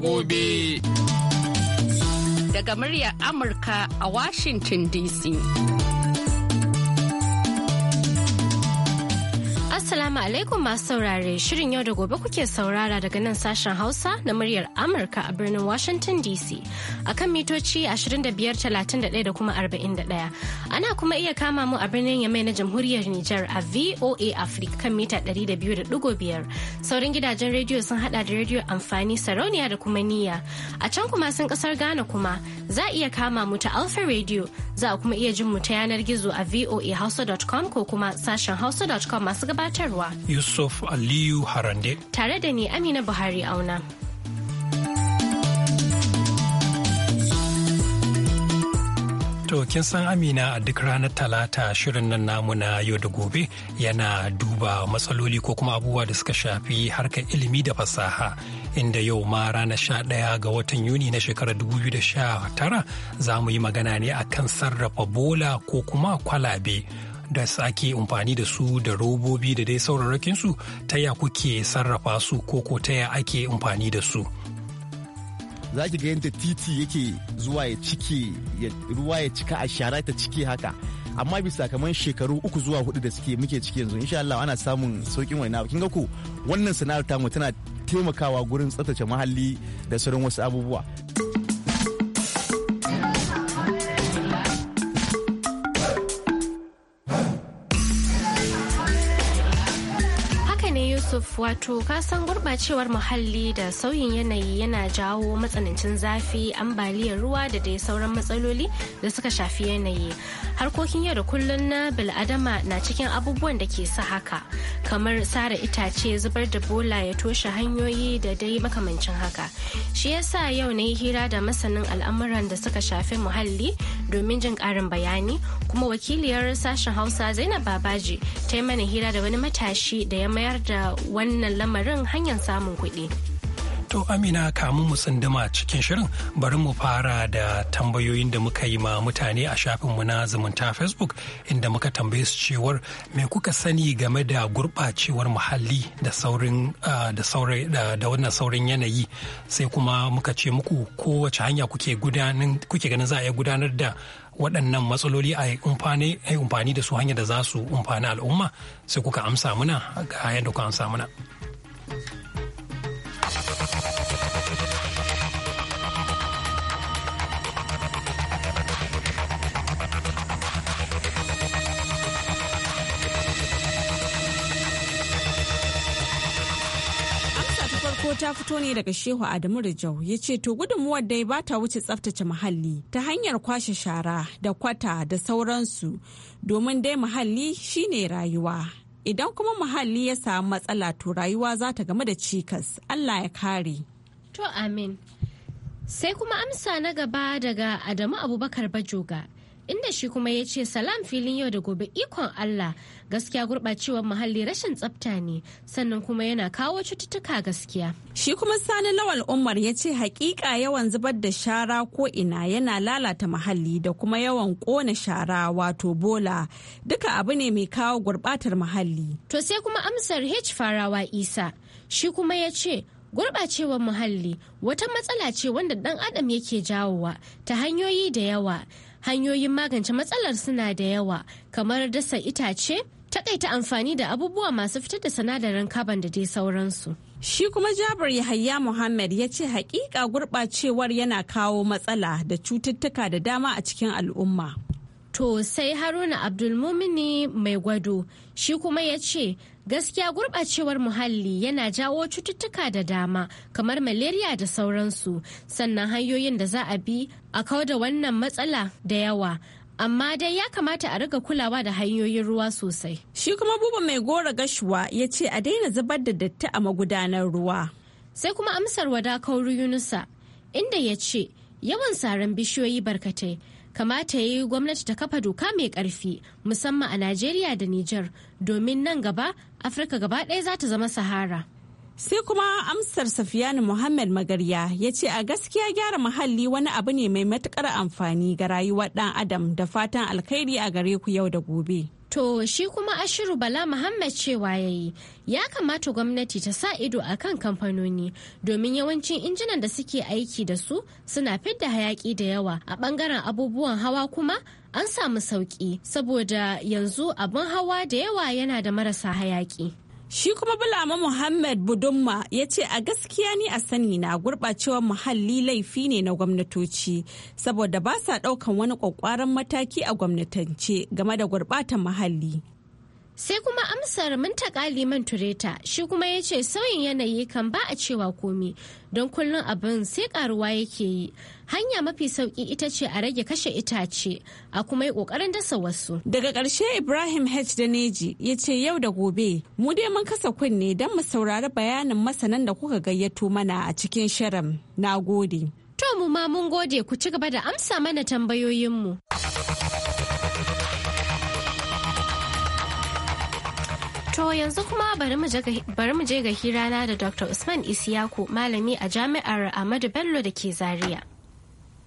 gobe. Daga muryar Amurka a Washington DC. Assalamu alaikum masu saurare shirin yau da gobe kuke saurara daga nan sashen Hausa na muryar Amurka a birnin Washington DC a kan mitoci 2531 da kuma 41. Ana kuma iya kama mu a birnin Yamai na Jamhuriyar Nijar a VOA Africa kan mita 200.5. saurin gidajen rediyo sun hada da rediyo amfani sarauniya da kuma niyya. A can kuma sun kasar Ghana kuma za a iya kama mu ta Alpha Radio za a kuma iya jin mu ta yanar gizo a voahausa.com ko kuma sashen hausa.com masu gabatarwa. Yusuf Aliyu Harande. Tare da ni Amina Buhari auna. sauraro kin san Amina a duk ranar Talata shirin nan namu na yau da gobe yana duba matsaloli ko kuma abubuwa da suka shafi harkar ilimi da fasaha inda yau ma ranar sha ɗaya ga watan Yuni na shekarar 2019 za mu yi magana ne a kan sarrafa bola ko kuma kwalabe. da ake amfani da su da robobi da dai su ta ya kuke sarrafa su ko ko ta ya ake amfani da su. za ki ga yadda titi yake zuwa ya cike ruwa ya cika a shara ta ciki haka amma bisa kamar shekaru uku zuwa hudu da suke muke ciki yanzu insha Allah ana samun saukin wani abu kin ga ko wannan sana'ar tamu tana taimakawa gurin tsaftace muhalli da sauran wasu abubuwa. ne Yusuf wato kasan gurɓacewar muhalli da sauyin yanayi yana jawo matsanancin zafi ambaliyar ruwa da dai sauran matsaloli da suka shafi yanayi. Harkokin yau da kullun na bil'adama na cikin abubuwan da ke sa haka kamar sare itace zubar da bola ya toshe hanyoyi da dai makamancin haka. Shi yasa yau na yi hira da masanin al'amuran da suka shafi muhalli domin jin karin bayani kuma wakiliyar sashen Hausa Zainab Babaji ta yi mana hira da wani matashi da ya mayar da wannan lamarin hanyar samun kuɗi. To Amina kamun mu tsunduma cikin shirin bari mu fara da tambayoyin da muka yi ma mutane a shafinmu na zumunta Facebook inda muka tambaye su cewar me kuka sani game da gurɓacewar muhalli da saurin da saurai da wannan saurin yanayi sai kuma muka ce muku kowace hanya kuke kuke ganin za a iya gudanar da waɗannan matsaloli a yi umfani da su hanyar da za su umfani al'umma sai kuka amsa muna ga yadda kuka amsa muna. ta fito ne daga Shehu Adamu Rijau ya ce to gudunmuwar dai ba ta wuce tsaftace muhalli ta hanyar kwashe shara da kwata da sauransu domin dai muhalli shine rayuwa. Idan kuma muhalli ya samu matsala to rayuwa za ta game da cikas Allah ya kare. To amin. Sai kuma amsa na gaba daga Adamu Abubakar Bajoga inda shi kuma ya ce salam filin yau da gobe ikon Allah gaskiya gurɓacewar muhalli rashin tsafta ne sannan kuma yana kawo cututtuka gaskiya. Shi kuma sani lawal Umar ya ce hakika yawan zubar da shara ko ina yana lalata muhalli da kuma yawan ƙona shara wato bola duka abu ne mai kawo gurɓatar muhalli. To sai kuma amsar H farawa Isa shi kuma ya ce gurɓacewar muhalli wata matsala ce wanda ɗan adam yake jawowa ta hanyoyi da yawa hanyoyin magance matsalar suna da yawa kamar dasa itace takaita amfani da abubuwa masu fitar da sinadarin carbon da dai sauransu Shi kuma Jabir Yahaya Muhammad ya ce hakika gurɓacewar yana kawo matsala da cututtuka da dama a cikin al'umma. To sai Haruna Abdulmumini mai gwado shi kuma ya ce Gaskiya gurɓacewar muhalli yana jawo cututtuka da dama kamar malaria da sauransu sannan hanyoyin da za a bi a da wannan matsala da yawa. amma dai ya kamata a riga kulawa da hanyoyin ruwa sosai. Shi kuma buba mai gora gashuwa ya ce a daina zubar da datti a magudanar ruwa. Sai kuma amsar wadakar Yunusa inda ya ce yawan saran bishiyoyi barkatai kamata ya yi gwamnati ta kafa doka mai ƙarfi musamman a Najeriya da Nijar domin nan gaba Afirka gaba ɗaya za ta zama Sahara. Sai kuma amsar Safiyanu Muhammad Magarya ya ce a gaskiya gyara muhalli wani abu ne mai matukar amfani ga rayuwar ɗan adam da fatan alkhairi a gare ku yau da gobe. To shi kuma Ashiru Bala Muhammad cewa ya yi, ya kamata gwamnati ta sa ido a kan kamfanoni domin yawancin injinan da suke aiki da su suna fidda hayaki da yawa a bangaren abubuwan hawa kuma an samu sauki saboda yanzu abin hawa da yawa yana da marasa hayaki. Shi kuma Bulama Muhammad Budumma ya ce a gaskiya ni a sani na gurɓacewar muhalli laifi ne na gwamnatoci saboda ba sa ɗaukan wani ƙwaƙwaran mataki a gwamnatance game da gurɓatan muhalli. Sai kuma amsar taƙa liman tureta shi kuma ya ce sauyin yanayi kan ba a cewa komi don kullum abin sai karuwa yake yi. Hanya mafi sauki ita ce a rage kashe itace a kuma yi ƙoƙarin dasa wasu. Daga ƙarshe Ibrahim H. Daneji ya ce yau da gobe mu dai mun kasa kunne don mu saurari bayanin masanan da kuka gayyato mana a cikin shirin. Na gode. To mu ma mun gode ku ci gaba da amsa mana tambayoyinmu. To yanzu kuma bari mu je ga hirana da Dr. Usman Isiyaku malami a jami'ar Ahmadu Bello da ke Zaria.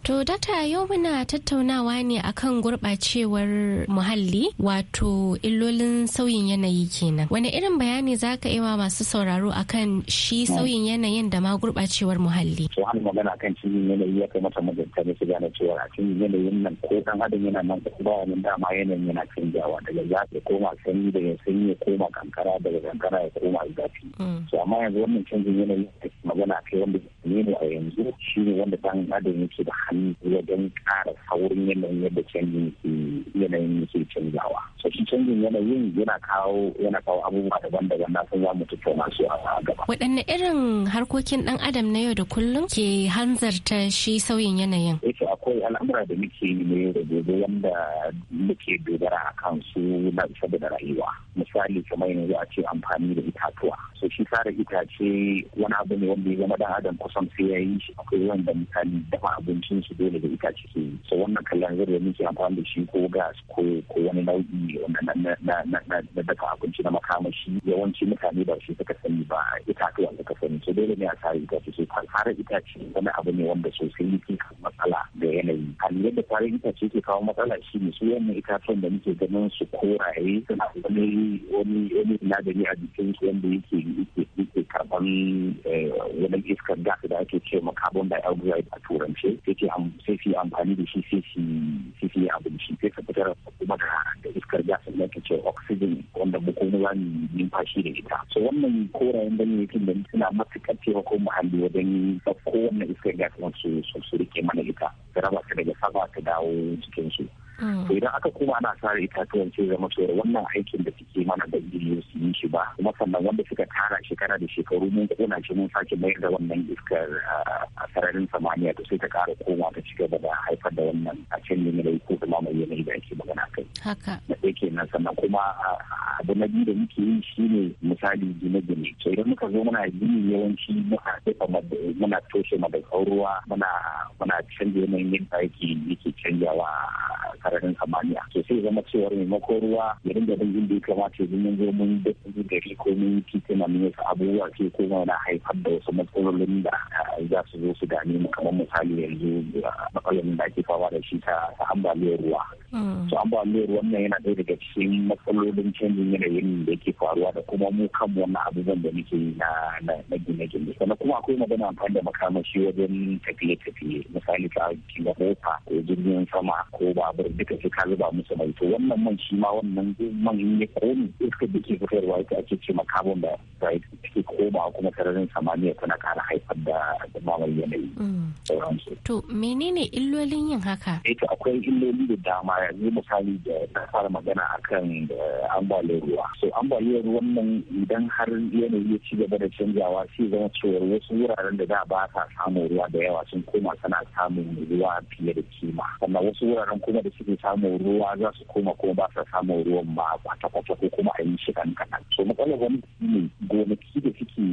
To data yau muna tattaunawa ne akan gurɓacewar muhalli wato illolin sauyin yanayi kenan. wani irin bayani za ka wa masu sauraro akan shi mm. sauyin yanayin da ma gurɓacewar muhalli? To hannu magana kan canjin yanayi ya kai mata majalta ne su gane cewa a canjin yanayin nan ko ɗan adam yana nan ko ba wani dama yanayin yana canjawa daga zafi koma sanyi daga sanyi ya koma kankara daga kankara ya koma zafi. To mm. amma yanzu wannan canjin yanayi magana kai wanda ne a yanzu shi ne wanda ɗan adam yake da hannu wajen ƙara saurin yanayin yadda canjin yanayin yake canzawa so shi canjin yanayin yana kawo yana kawo abubuwa daban-daban na san za mu tattauna su a gaba waɗanne irin harkokin ɗan adam na yau da kullum ke hanzarta shi sauyin yanayin yake eh, akwai al'amura da muke yi ne da gobe wanda muke dogara a kan su na saboda rayuwa misali kamar yanzu a ce amfani da itatuwa so shi kare itace wani abu ne wanda ya zama ɗan adam kusan sai ya yi shi akwai wanda misali dama abincin yin su dole da itace su yi so wannan kallon zai da muke amfani da shi ko gas ko wani nau'i na dafa abinci na makamashi yawanci mutane ba shi suka sani ba itatuwa suka sani so dole ne a sare itace so fara itace wani abu ne wanda sosai yake matsala da yanayi hali yadda fara itace ke kawo matsala shi ne su wannan itatuwan da muke ganin su koraye suna wani wani wani sinadari a jikin su wanda yake yake karban eh, wani iskar gas da ake ce ma carbon dioxide a turance yake sai su yi amfani da shi sai su yi abinci sai su fitar kuma da iskar gas da ake ce oxygen wanda mu kuma za mu numfashi da ita so wannan korayen ganyayyakin da suna matuƙar taimakon muhalli wajen ɗauko wannan iskar gas su su rike mana ita da raba ta daga saba ta dawo cikin su to mm. idan aka koma ana sare itatuwan ce zama cewa wannan aikin da suke mana da iri su yi shi ba kuma sannan wanda suka tara shekara da shekaru mun kona shi mun sake mayar da wannan iskar ah, a sararin samaniya to sai ta kara koma ta ci gaba da haifar da wannan a can yanayi ko kuma mai yanayi da ake magana kai haka Na ɗaya kenan sannan kuma ah, abu na biyu da muke yi shi ne misali gine-gine to idan muka zo muna gini yawanci muna dafa muna toshe madakar ruwa muna muna canza yanayin yadda yake yake canjawa ah, sararin samaniya to sai zama cewa maimakon ruwa ya dinga bin da ya kamata yanzu mun zo mun da gari ko mun yi titina mun wasu abubuwa ke ko na haifar da wasu matsalolin da eh, za su zo su gane mu kamar misali yanzu eh, matsalolin da ake fama da shi ta ambaliyar ruwa so mm. ambaliyar ruwan nan yana ɗaya daga cikin matsalolin canjin yanayin da yake faruwa da kuma mu a wannan abubuwan da muke yi na gine-gine sannan kuma akwai magana amfani da makamashi wajen tafiye-tafiye misali ta kila mota ko jirgin sama ko babur duka sai ka zuba musu mai to wannan man shi ma wannan man in ya komi iska da ke fitarwa ita ake ce ma carbon dioxide take koma kuma sararin samaniya tana kara haifar da dumamar yanayi mm. to menene illolin yin haka eh to akwai illoli da dama yanzu misali da na fara magana akan ambaliyar ruwa so ambaliyar ruwan nan idan har yanayi ya ci gaba da canjawa sai zama cewar wasu wuraren da da ba sa samun ruwa da yawa sun koma sana samun ruwa fiye da kima sannan wasu wuraren kuma da suke suke samun ruwa za su koma ko ba sa samun ruwan ma kwata-kwata ko kuma a yi shi kan kanan So matsalar gwamnati ne gonaki da suke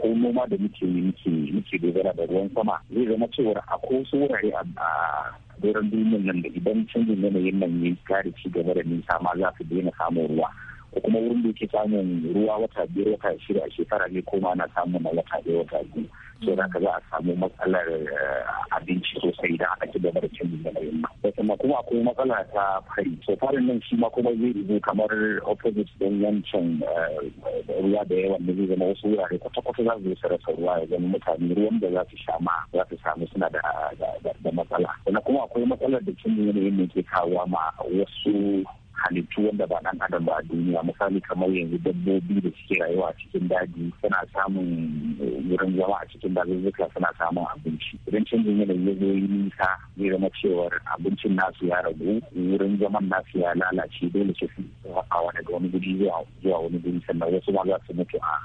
ko noma da muke muke muke dogara da ruwan sama zai zama cewar a wasu wurare a doron duniyar nan da idan canjin yanayin nan ya kare ci gaba da nisa ma za su daina samun ruwa. ko kuma wurin da yake samun ruwa wata biyar wata shida a shekara ne ko ma na samun na wata ɗaya wata biyu. sai da za a samu matsalar eh, abinci sosai da ake ci gaba da canjin yanayin ma da kuma kuma akwai matsala ta fari so farin nan shi ma kuma zai izo kamar opposite don yancin eh, ruwa da yawan da zai zama wasu wurare kwata-kwata za su yi rasa ruwa ya zama mutane ruwan da za su sha ma za su samu suna da matsala sannan kuma akwai matsalar da cin yanayin ne ke kawo ma wasu halittu wanda ba dan adam ba a duniya misali kamar yanzu dabbobi da suke rayuwa a cikin daji suna samun eh, wurin zama a cikin dazuzzuka suna samun abinci idan canjin yanayi ya zo yi nisa zai zama cewar abincin nasu ya ragu wurin zaman nasu ya lalace dole ce su hawa daga wani guri zuwa wani guri sannan wasu ma za su mutu a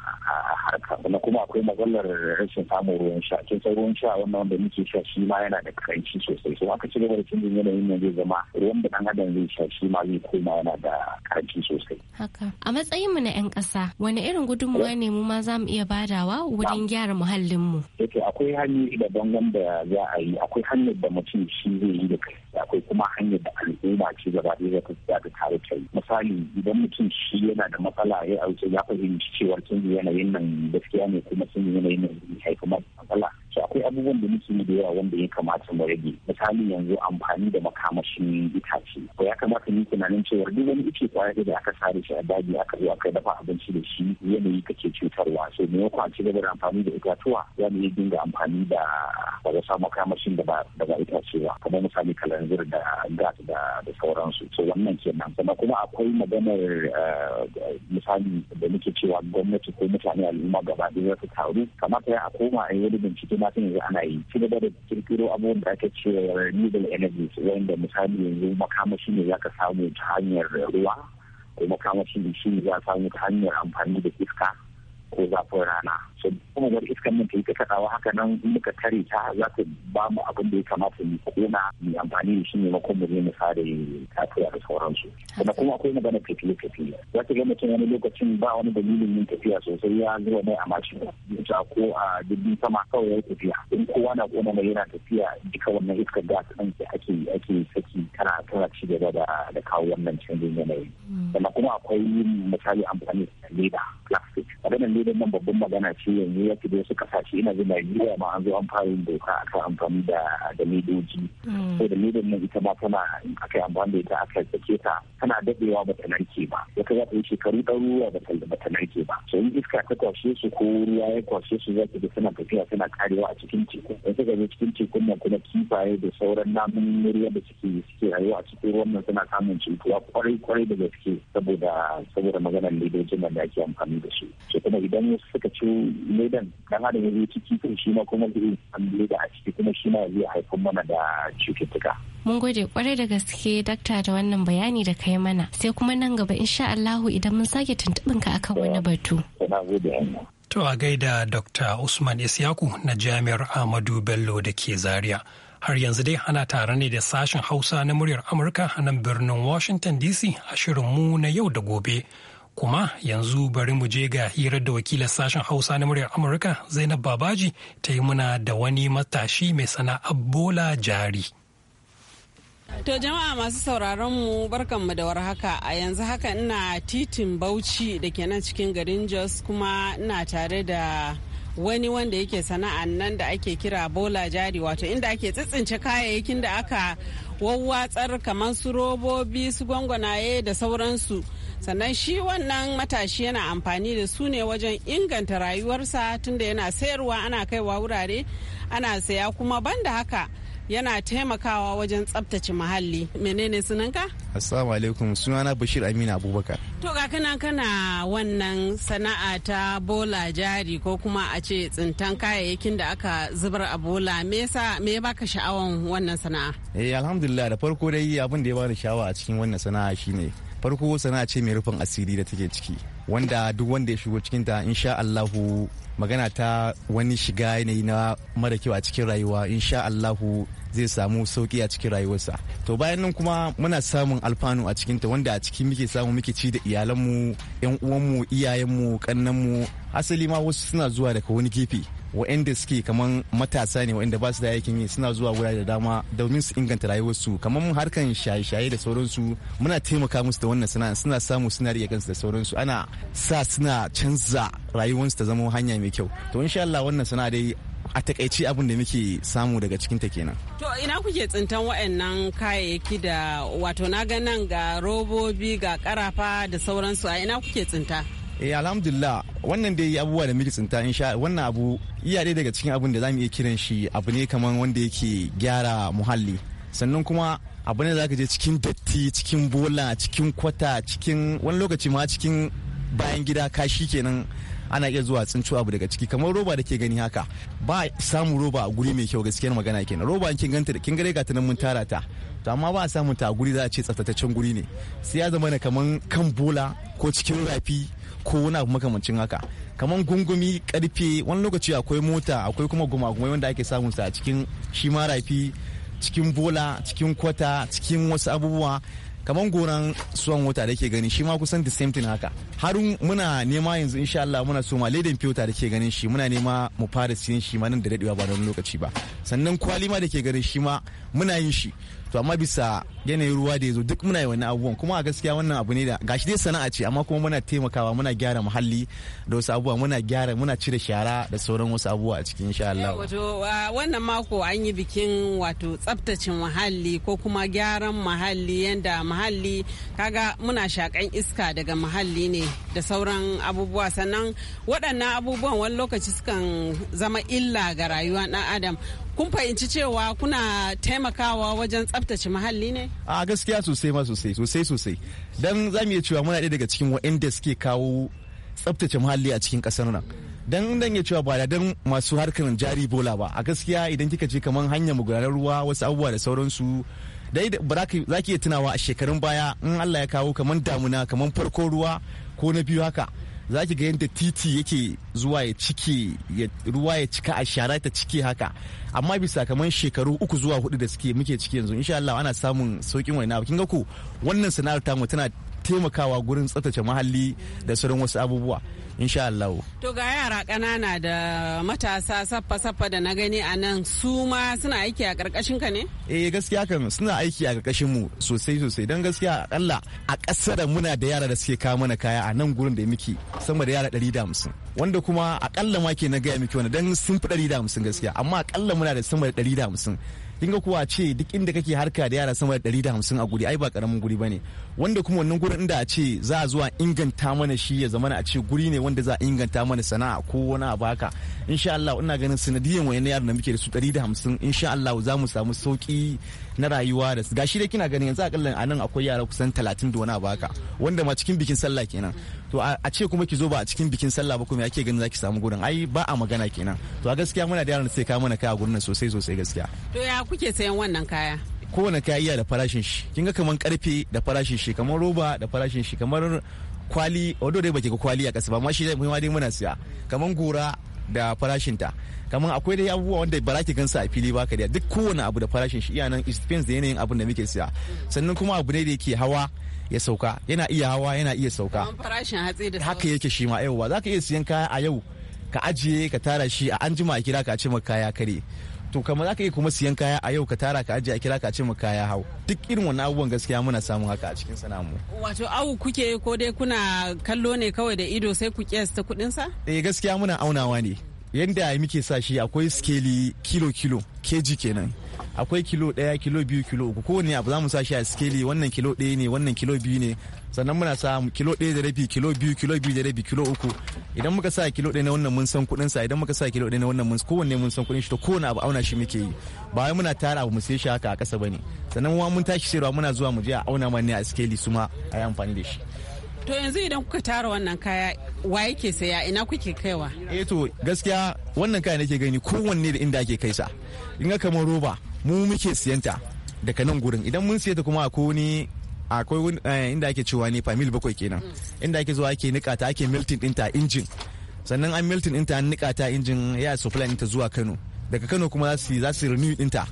harka sannan kuma akwai matsalar rashin samun ruwan sha kin san ruwan sha wannan wanda muke sha shi ma yana da karanci sosai so aka ci gaba da canjin yanayin nan zai zama ruwan da dan adam zai sha shi ma zai ma yana da karanci sosai. Haka. A matsayin mu na 'yan ƙasa, wani irin gudunmuwa ne mu ma za mu iya badawa wurin gyara muhallin mu? Yake akwai hanyoyi daban wanda za a yi, akwai hanyar da mutum shi zai yi da kai. akwai kuma hanyar da al'umma ce gaba ɗaya za ta da tare ta yi misali idan mutum shi yana da matsala ya ya fahimci cewa tun yanayin nan gaskiya ne kuma canjin yanayin nan ya haifi matsala ce akwai abubuwan da muke da yawa wanda ya kamata mu rage misali yanzu amfani da makamashin itace ko ya kamata mu tunanin cewa duk wani ice kwaya da aka sare shi a daji aka zo aka dafa abinci da shi yanayi kake cutarwa so me yau a ci gaba da amfani da itatuwa ya mu dinga amfani da ba samu makamashin da ba da itace ba kamar misali kalanzir da gas da da sauransu so wannan kenan sannan kuma akwai maganar eh, misali da muke cewa gwamnati ko mutane al'umma gaba ɗaya su taru kamata ya a koma a yi wani bincike ma sun yanzu ana yi ci gaba da kirkiro abubuwan da ake cewa renewable energy wanda misali yanzu makamashi ne za ka samu ta hanyar ruwa ko makamashi shi ne za ka samu ta hanyar amfani da iska ko zafin rana so kuma bar iskan nan ta yi ta kaɗawa haka nan muka tare ta za ta ba mu abin da ya kamata mu kona mu amfani da shi ne ma makon mu ne mu ta tafiya da sauransu kuma kuma akwai magana tafiye tafiye za ta ga mutum wani lokacin ba wani dalilin yin tafiya sosai ya zuwa mai a mashin ta ko a jirgin sama kawai ya tafiya in kowa na kona mai yana tafiya duka wannan iskar gas ɗin ake ake saki tana tana ci gaba da kawo wannan canjin yanayi mm. sannan kuma akwai misali amfani da leda maganar ledan nan babban magana ce yanzu ya fi wasu kasashe ina jin Najeriya ma an zo an fara yin doka akan amfani da da ledoji mm. so da ledan nan ita ma tana akai amfani da ita aka sake ta tana dadewa ba ta narke ba ya kai ta yi shekaru ɗaruruwa ba ta narke ba so in iska ta kwashe su ko ruwa ya kwashe su za ga suna tafiya suna karewa a cikin teku da suka zo cikin tekun nan kuma kifaye da sauran namun ruwa da suke suke rayuwa a cikin ruwan nan suna samun cutuwa kwarai kwarai da gaske saboda saboda maganar ledojin nan da ake amfani da su kuma idan suka ce ledan dan adam ya zo ciki to shi ma kuma zai a ciki kuma shi ma zai haifar mana da cututtuka. Mun gode kwarai da gaske dakta da wannan bayani da kai mana sai kuma nan gaba insha Allahu idan mun sake tuntuɓin ka akan wani batu. To a gaida Dr. Usman Isyaku na Jami'ar amadu Bello da ke Zaria. har yanzu dai ana tare ne da sashen hausa na muryar amurka a nan birnin washington dc a mu na yau da gobe Kuma yanzu bari mu je ga hirar da wakilar sashen Hausa na muryar Amurka Zainab Babaji ta yi muna da wani matashi mai sana'ar bola jari. To jama'a masu sauraron mu barkanmu da warhaka a yanzu haka ina titin Bauchi da ke nan cikin garin Jos kuma ina tare da wani wanda yake sana'a nan da ake kira bola jari wato inda ake tsitsince kayayyakin da aka wawwatsar kamar su robobi su gwangwanaye da sauransu sannan shi wannan matashi yana amfani da su ne wajen inganta rayuwarsa tunda yana sayarwa ana kaiwa wurare ana saya kuma banda haka yana taimakawa wajen tsabtace muhalli menene sunanka assalamu alaikum sunana bashir amina abubakar to ga kana kana wannan sana'a ta bola jari ko kuma a ce tsintan kayayyakin da aka zubar a bola me yasa me ya baka sha'awan wannan sana'a eh alhamdulillah da farko dai abin da ya bani sha'awa a cikin wannan sana'a shine farko sana'a ce mai rufin asiri da take ciki wanda duk wanda ya shigo cikinta insha Allahu magana ta wani shiga yanayi na mara kyau a cikin rayuwa insha Allahu zai samu sauki a cikin rayuwarsa to bayan nan kuma muna samun alfanu a cikinta wanda a ciki muke samu muke ci da iyalanmu yan uwanmu iyayenmu kannanmu asali ma wasu suna zuwa daga wani gefe waɗanda suke kaman matasa ne waɗanda ba su da aikin yi suna zuwa wurare da dama domin su inganta rayuwarsu kaman harkan shaye-shaye da sauransu muna taimaka musu da wannan sana'a suna samu suna rike kansu da sauransu ana sa suna canza rayuwarsu ta zama hanya mai kyau to insha Allah wannan sana'a dai a takaici abin da muke samu daga cikin ta kenan. To ina kuke tsintan waɗannan kayayyaki da wato na ganan ga robobi ga karafa da sauransu a ina kuke tsinta? eh alhamdulillah wannan dai abubuwa da muke tsinta insha wannan abu iya dai daga cikin abin da zamu iya kiran shi abu ne kamar wanda yake gyara muhalli sannan kuma abu ne zaka je cikin datti cikin bola cikin kwata cikin wani lokaci ma cikin bayan gida kashi kenan ana iya zuwa tsinci abu daga ciki kamar roba da ke gani haka ba samun roba a guri mai kyau gaskiyar magana kenan roba kin ganta da kin gare ga ta nan mun tara ta to amma ba a samun ta a guri za a ce tsaftataccen guri ne sai ya zama kamar kan bola ko cikin rafi ko wani abu makamancin haka kamar gungumi karfe wani lokaci akwai mota akwai kuma gumagumai wanda ake samun sa a cikin shi rafi cikin bola cikin kwata cikin wasu abubuwa kamar goran suwan wata da ke gani shi ma kusan the same thing haka har muna nema yanzu insha Allah muna so ma ledan fiyota da ke ganin shi muna nema mu fara siyan shi ma nan da dadewa ba da lokaci ba sannan kwali ma da ke ganin shi ma muna yin shi to amma bisa yanayin ruwa da ya zo duk muna yi wani abubuwan kuma a gaskiya wannan abu ne da gashi dai sana'a ce amma kuma muna taimakawa muna gyara muhalli da wasu abubuwa muna gyara muna cire shara da sauran wasu abubuwa a cikin insha Allah wato wannan mako an yi bikin wato tsaftace muhalli ko kuma gyaran muhalli yanda muhalli kaga muna shakan iska daga muhalli ne da sauran abubuwa sannan waɗannan abubuwan wani lokaci sukan zama illa ga rayuwar ɗan adam kun fahimci cewa kuna taimakawa wajen tsabtace muhalli ne? A gaskiya sosai ma sosai sosai sosai. Don za mu iya cewa muna ɗaya daga cikin waɗanda suke kawo tsabtace muhalli a cikin ƙasar nan. Don dan ya cewa ba da dan masu harkar jari bola ba. A gaskiya idan kika ce kaman hanyar magudanar ruwa wasu abubuwa da sauransu dai ba za ki iya tunawa a shekarun baya in Allah ya kawo kamar damuna kamar farko ruwa ko na biyu haka za ki ga yadda titi yake zuwa ya cike ruwa ya cika a shara ta cike haka amma bisa kamar shekaru uku zuwa hudu da suke muke ciki yanzu insha Allah ana samun saukin wani abu kin ga ku wannan sana'ar ta mu tana taimakawa gurin tsatace muhalli da sauran wasu abubuwa insha Allah. To ga yara ƙanana da matasa saffa-saffa da na gani a nan su ma suna aiki a ƙarƙashin ka ne? Eh gaskiya kan suna aiki a ƙarƙashin mu sosai sosai don gaskiya akalla a ƙasar muna da yara da suke kawo mana kaya a nan gurin da muke sama da yara ɗari da hamsin wanda kuma akalla ma ke na gaya miki wani don sun fi ɗari da hamsin gaskiya amma akalla muna da sama da ɗari da hamsin. kin kuwa ce duk inda kake harka da yara sama da ɗari da hamsin a guri ai ba karamin guri bane wanda kuma wannan gurin inda a ce za a zuwa inganta mana shi ya zama a ce guri ne wanda za a inganta mana sana'a ko wani abu haka insha Allah ina ganin sanadiyan wayannan yaran da muke da su 150 insha Allah za mu samu sauki na rayuwa da gashi dai kina ganin yanzu a a nan akwai yara kusan 30 da wani abu haka wanda ma cikin bikin sallah kenan to a ce kuma ki zo ba a cikin bikin sallah ba kuma yake ganin zaki samu gurin ai ba a magana kenan to a gaskiya muna da yaran da sai ka mana kaya gurin sosai sosai gaskiya to ya kuke sayan wannan kaya kowane kayayya da farashin shi kin ga kamar karfe da farashin shi kamar roba da farashin shi kamar kwali odo dai baki ga kwali a kasa ba ma shi zai muhimma dai muna siya kamar gora da farashin ta kamar akwai dai abubuwa wanda ba ki gansa a fili ba ka da duk kowane abu da farashin shi iya nan it depends da yanayin abin da muke siya sannan kuma abu ne da yake hawa ya sauka yana iya hawa yana iya sauka farashin hatsi da haka yake shi ma yau ba za ka iya siyan kaya a yau ka ajiye ka tara shi a anjima a kira ka a ce maka kaya kare to kamar ka yi kuma siyan kaya a yau ka tara ka ajiye a kira ka ce mu kaya hau duk irin wani abubuwan gaskiya muna samun haka a cikin mu. wato awu kuke ko dai kuna kallo ne kawai da ido sai ku kiyasta kuɗin sa eh gaskiya muna aunawa ne yadda muke sa shi akwai skeli kilo-kilo keji kenan akwai kilo daya kilo biyu kilo uku kowane abu za mu sa shi a skeli wannan kilo daya ne wannan kilo biyu ne sannan muna sa kilo daya da rabi kilo biyu kilo biyu da rabi kilo uku idan muka sa kilo daya na wannan mun san kudin sa idan muka sa kilo daya na wannan mun kowanne mun san kudin shi to kowane abu auna shi muke yi ba wai muna tara abu mu sai shi haka a kasa bane sannan wa mun tashi sayarwa muna zuwa mu je a auna ma ne a skeli su ma a yi amfani da shi To yanzu idan kuka tara wannan kaya wa yake saya ina kuke kaiwa? Eh to gaskiya wannan kaya nake gani kowanne da inda ake kai sa. In ga kamar roba mu muke siyanta daga nan gurin idan mun siya ta kuma akwai wani akwai eh, inda ake cewa ne famil bakwai kenan inda ake zuwa ake nika ta ake miltin dinta injin sannan an miltin dinta an nika ta injin ya supply ta zuwa Kano daga Kano kuma za su za su renew dinta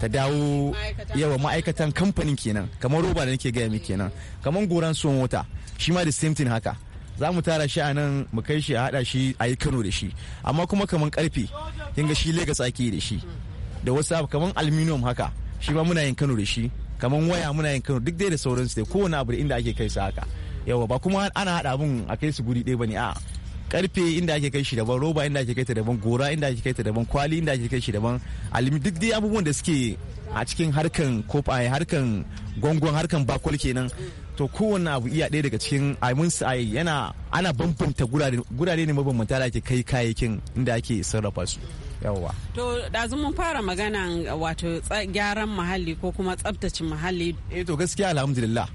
ta dawo yawa ma'aikatan kamfanin kenan kamar roba da nake gaya miki kenan kamar goran son wata shi ma da same thing haka za mu tara shi a nan mu kai shi a haɗa shi a yi kano da shi amma kuma kamar karfe kin shi legas ake da shi da wasu abu kamar aluminium haka shi ma muna yin kano da shi kamar waya muna yin kano duk dai da sauransu dai kowane abu da inda ake kai su haka yawa ba kuma ana hada abun a kai su guri ɗaya bane a karfe inda ake kai shi daban roba inda ake kai ta daban gora inda ake kai ta daban kwali inda ake kai shi daban alimi duk dai abubuwan da suke a cikin harkan kofa harkan gongon harkan bakwal kenan to kowanne abu iya ɗaya daga cikin aimun ai yana ana bambanta gurare ne mabambanta da ake kai kayayyakin inda ake sarrafa su yawwa to ɗazu mun fara magana wato gyaran muhalli ko kuma tsabtace muhalli eh to gaskiya alhamdulillah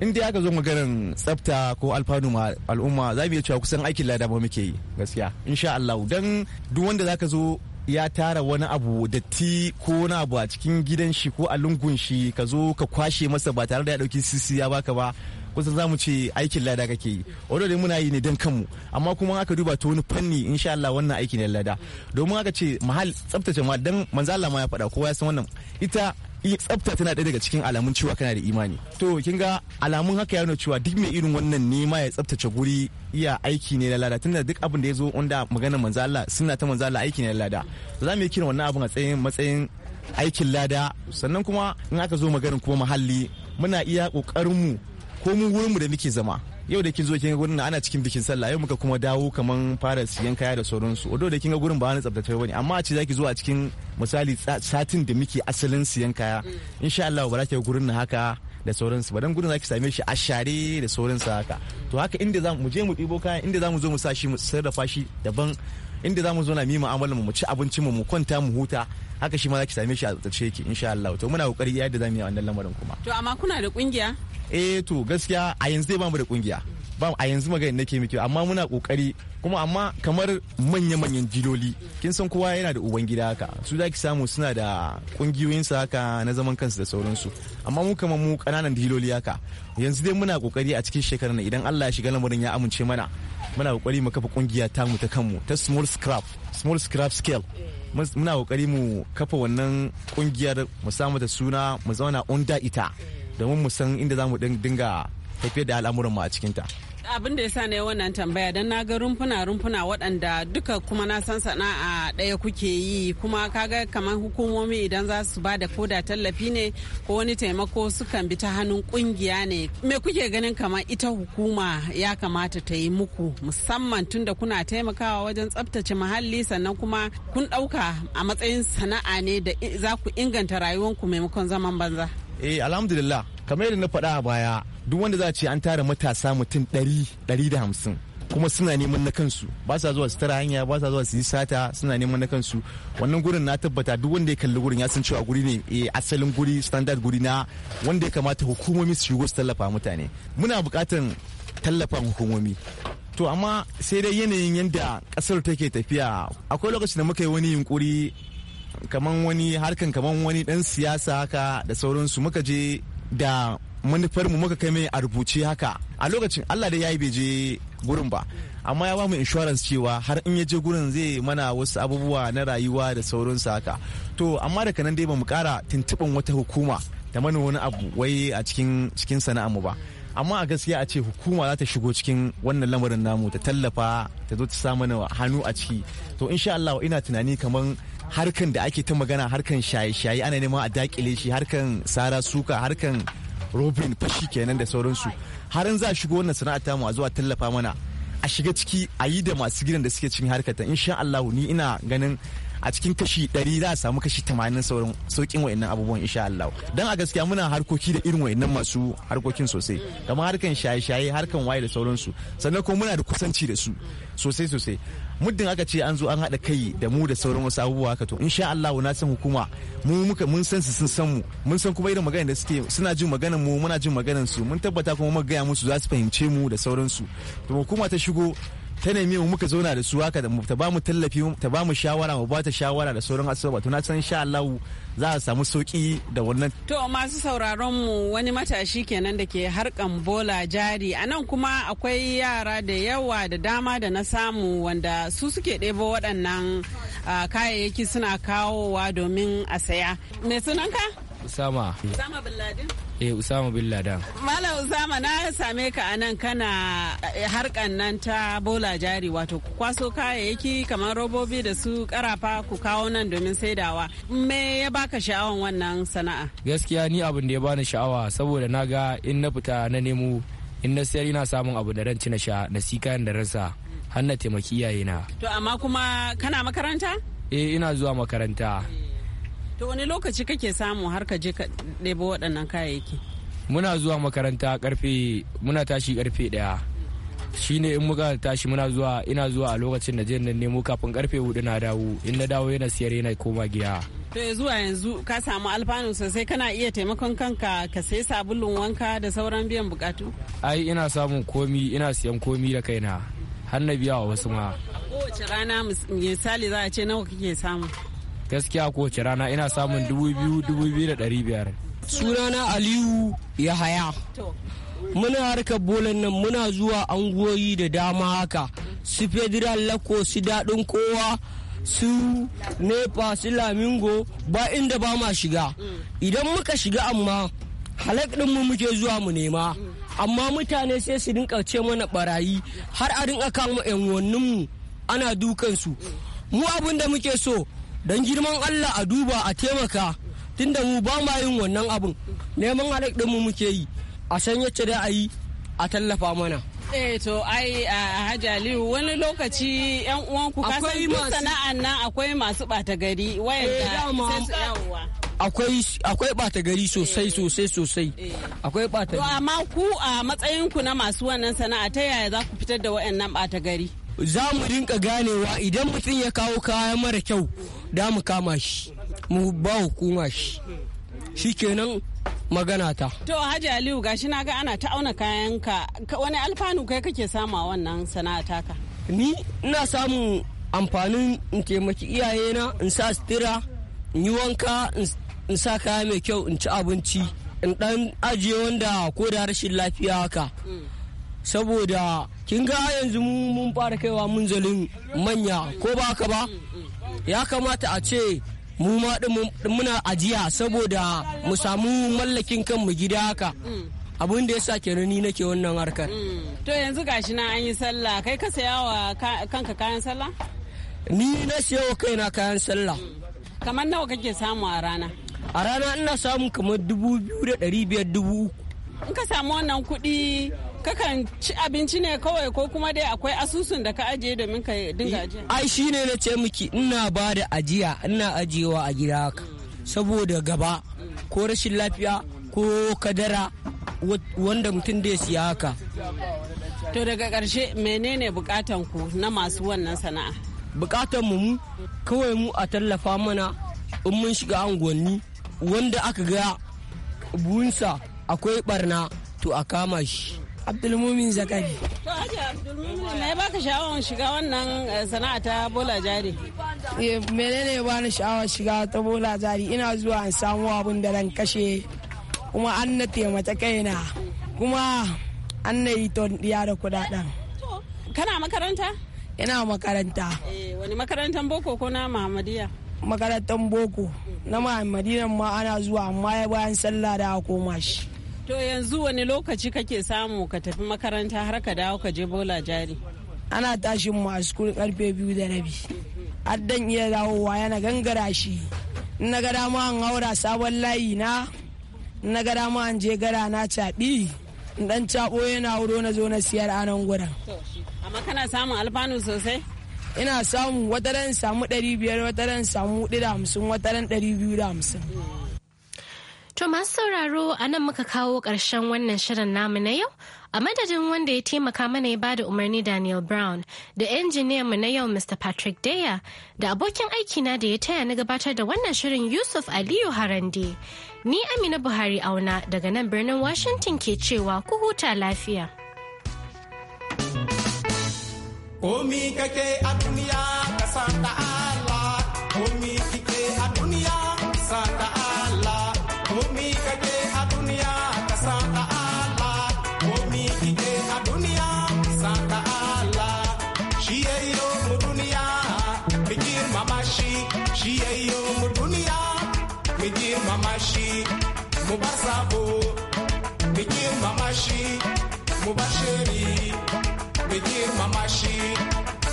in dai aka zo maganar tsafta ko alfanu ma al'umma za mu iya cewa kusan aikin lada muke yi gaskiya insha Allah dan duk wanda zaka zo ya tara wani abu datti ko wani abu a cikin gidan shi ko a lungun shi ka zo ka kwashe masa ba tare da ya dauki sisi ya baka ba kusa za mu ce aikin lada kake yi wadda dai muna yi ne don kanmu amma kuma aka duba ta wani fanni insha Allah wannan aikin ne lada domin aka ce mahal tsaftace ma don manzo ma ya faɗa kowa ya san wannan ita tsafta tana ɗaya daga cikin alamun cewa kana da imani to kin ga alamun haka ya nuna cewa duk mai irin wannan nema ya tsaftace guri iya aiki ne na lada tunda duk abin da ya zo wanda maganar manzo Allah suna ta manzo Allah aiki ne na lada za mu yi kiran wannan abin a tsayin matsayin aikin lada sannan kuma in aka zo maganar kuma muhalli muna iya kokarin mu ko mu wurin mu da muke zama yau da kin zo kin ga gurin ana cikin bikin sallah yau muka kuma dawo kaman fara siyan kaya da sauransu odo da kin ga gurin ba wani tsabtace bane amma a ce zaki zo a cikin misali satin da muke asalin siyan kaya insha Allah ba za ki ga gurin na haka da sauransu ba dan gurin zaki same shi a share da sauransu haka to haka inda za mu je mu dibo kayan inda za mu zo mu sa shi mu sarrafa shi daban inda za mu zo na mi mu'amalar mu ci abincin mu mu kwanta mu huta haka shi ma za ki same shi a tsarce ki insha Allah to muna kokari iya da zamu yi wannan lamarin kuma to amma kuna da kungiya eh to gaskiya a yanzu dai bamu da kungiya ba a yanzu magana nake miki amma muna kokari kuma amma kamar manya-manyan jiloli kin san kowa yana da uban gida haka su za ki samu suna da su haka na zaman kansu da sauransu amma mu kamar mu kananan diloli haka yanzu dai muna kokari a cikin shekarar idan Allah ya shiga lamarin ya amince mana muna kokari mu kafa kungiya ta mu ta kanmu ta small scrap small scrap scale muna kokari mu kafa wannan kungiyar mu samu da suna mu zauna under ita domin mu san inda zamu mu dinga tafiyar da al'amuran mu a cikinta. ta abin da ya sa ne wannan tambaya don na ga rumfuna-rumfuna waɗanda duka kuma na san sana'a ɗaya kuke yi kuma kaga kamar hukumomi idan za su ba da koda tallafi ne ko wani taimako sukan bi ta hannun ƙungiya ne me kuke ganin kamar ita hukuma ya kamata ta yi muku musamman tun da kuna taimakawa wajen tsabtace muhalli sannan kuma kun ɗauka a matsayin sana'a ne da za ku inganta rayuwanku maimakon zaman banza. eh alhamdulillah kamar yadda na faɗa a baya duk wanda za a ce an tara matasa mutum ɗari ɗari da hamsin kuma suna neman na kansu ba sa zuwa su tara hanya ba sa zuwa su yi sata suna neman na kansu wannan gurin na tabbata duk wanda ya kalli gurin ya san cewa guri ne eh, asalin guri standard guri na wanda ya kamata hukumomi su shigo su tallafa mutane muna bukatan tallafa hukumomi to amma sai dai yanayin yadda ƙasar take tafiya akwai lokacin da muka yi wani yunkuri kaman wani harkan kaman wani dan siyasa haka da sauransu muka je da manufar mu muka kai mai a rubuce haka a lokacin Allah dai ya bai je gurin ba amma ya ba mu insurance cewa har in ya je gurin zai mana wasu abubuwa na rayuwa da sauransu haka to amma daga nan dai bamu kara tuntuɓin wata hukuma da mana wani abu wai a cikin cikin mu ba amma a gaskiya a ce hukuma za ta shigo cikin wannan lamarin namu ta tallafa ta zo ta samu hannu a ciki to insha Allah ina tunani kamar harkan da ake ta magana harkan shaye-shaye ana neman a dakile shi harkan sara suka harkan robin fashi kenan da sauransu har in za a shigo wannan sana'a ta mu a zuwa tallafa mana a shiga ciki a yi da masu gidan da suke cikin harkata insha Allah ni ina ganin a cikin kashi 100 za a samu kashi 80 sauran saukin wa'annan abubuwan insha Allah dan a gaskiya muna harkoki da irin wa'annan masu harkokin sosai kamar harkan shaye-shaye harkan waye da sauransu sannan kuma muna da kusanci da su sosai sosai muddin aka ce an zo an haɗa kai da mu da sauran wasu abubuwa haka to insha Allah na san hukuma mu muka mun san su sun san mu mun san kuma irin magana da suke suna jin maganar mu muna jin maganar su mun tabbata kuma muka gaya musu za su fahimce mu da sauransu to hukuma ta shigo ta nemi mu muka zauna da su haka da ta ba mu tallafi ta ba mu shawara mu ba ta shawara da sauran asuba to na san sha Allah za a samu sauki da wannan to masu sauraron mu wani matashi kenan da ke harkan bola jari a nan kuma akwai yara da yawa da dama da na samu wanda su suke ɗebo waɗannan ah, kayayyaki suna kawowa domin a saya me sunanka Usama. Usama Bin Laden? Eh Usama Bin Mala Usama na same ka a nan kana eh, harkan nan ta bola jari wato kwaso kayayyaki kamar robobi da su karafa ku kawo nan domin saidawa. Me ya baka sha'awan wannan sana'a? Gaskiya ni abin da ya bani sha'awa saboda na ga in na fita na nemo in na sayar ina samun abu da ran ci na sha na si kayan da ransa har na taimaki iyayena. To amma kuma kana makaranta? Eh ina zuwa makaranta. To wani lokaci kake samu har ka je ka ɗebo waɗannan kayayyaki? Muna zuwa makaranta karfe muna tashi karfe ɗaya. Shi ne in muka tashi muna zuwa ina zuwa a lokacin da jin nan nemo kafin karfe hudu na dawo in na dawo yana siyar yana koma giya. To zuwa yanzu ka samu alfanu sosai kana iya taimakon kanka ka saya sabulun wanka da sauran biyan bukatu? Ai ina samun komi ina siyan komi da kaina har na biya wa wasu ma. A kowace rana misali za a ce nawa kake samu? gaskiya kowace rana ina samun dubu biyu dubu biyu da dari biyar sunana aliyu ya haya muna harkar bolan nan muna zuwa angoyi da dama haka su federal lako su daɗin kowa su nepa su lamingo ba inda ba ma shiga idan muka shiga amma halakɗin mu muke zuwa mu nema amma mutane sai su dinka ce mana barayi har a dinka kama yan mu ana dukansu mu abin da muke so don girman allah a duba a taimaka tunda mu ba ma yin wannan abun neman halak mu muke yi a san yacce da a yi a tallafa mana Eh to ai a Hajji Aliyu wani lokaci yan uwanku kasan duk sana'an nan akwai masu bata gari wayanda eh, akwai akwai bata gari sosai eh. sosai sosai eh. akwai bata gari. To amma ku a matsayinku na masu wannan sana'a ta yaya za ku fitar da wayannan bata gari? za mu rinka ganewa idan mutum ya kawo kaya mara kyau da mu kama shi mu ba hukuma shi shikenan magana ta. To Hajji Aliyu gashi na ga ana ta auna kayan kayanka wani alfanu kai kake sama wannan sana'a ka. Ni ina samun amfanin in taimaki iyayena in sa sutura in yi wanka in sa kaya mai kyau in ci abinci in dan ajiye wanda ko da rashin lafiya haka. Mm. saboda kin ga yanzu mun fara kaiwa munzalin manya ko ba ka ba ya kamata a ce mu ma muna ajiya saboda mu samu mallakin kanmu gida haka abin da ya sa kenan ni nake wannan harkar to yanzu gashi na an yi sallah kai ka saya wa kanka kayan sallah ni na saya wa kaina kayan sallah kamar nawa kake samu a rana a rana ina samu kamar dubu biyu da ɗari biyar dubu in ka samu wannan kuɗi kakan ci abinci ne kawai ko kuma dai akwai asusun da ka ajiye domin ka dinga ajiya ai shine na ce miki ina ba da ajiya ina ajiyewa a gida haka saboda gaba ko rashin lafiya ko kadara wanda mutum zai siya haka to daga ƙarshe menene bukatan ku na masu wannan sana'a bukatan mu kawai mu a tallafa mana in mun shiga unguwanni wanda aka ga buhunsa akwai barna to a kama shi Abdulmumin Zakari. To Haji Abdulmumin na ya baka sha'awar shiga wannan eh, sana'a ta bola jari? Eh, ne ya bani sha'awar shiga ta bola jari ina zuwa in samu abin da ran kashe kuma an na taimata kaina kuma an na yi tondiya da kudaden. Kana makaranta? Ina makaranta. Eh, wani makarantar boko ko na Muhammadiyya? Makarantar boko na Muhammadiyya ma ana zuwa amma ya bayan sallah da a koma shi. To yanzu wani lokaci kake samu ka tafi makaranta har ka dawo ka je bola jari? Ana tashin mu a sukuri karfe biyu da rabi. Addan iya dawowa yana gangara shi. Na ga mu an haura sabon layi na, na gada mu an je gara na caɓi, dan caɓo yana wuro na zo na siyar anan gudan. Amma kana samun alfanu sosai? Ina samu wataran samu ɗari biyar wataran samu ɗari da hamsin wataran ɗari biyu da hamsin. To masu sauraro a nan muka kawo ƙarshen wannan shirin namu na yau, a madadin wanda ya taimaka mana ya bada umarni Daniel Brown da mu na yau Mr. Patrick Daya da abokin aikina da ya taya na gabatar da wannan shirin Yusuf Aliyu Harande. Ni Amina Buhari auna daga nan birnin Washington ke cewa ku huta lafiya. Komi kake a duniya ka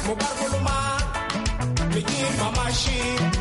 mu bar gulma mu yi mamashi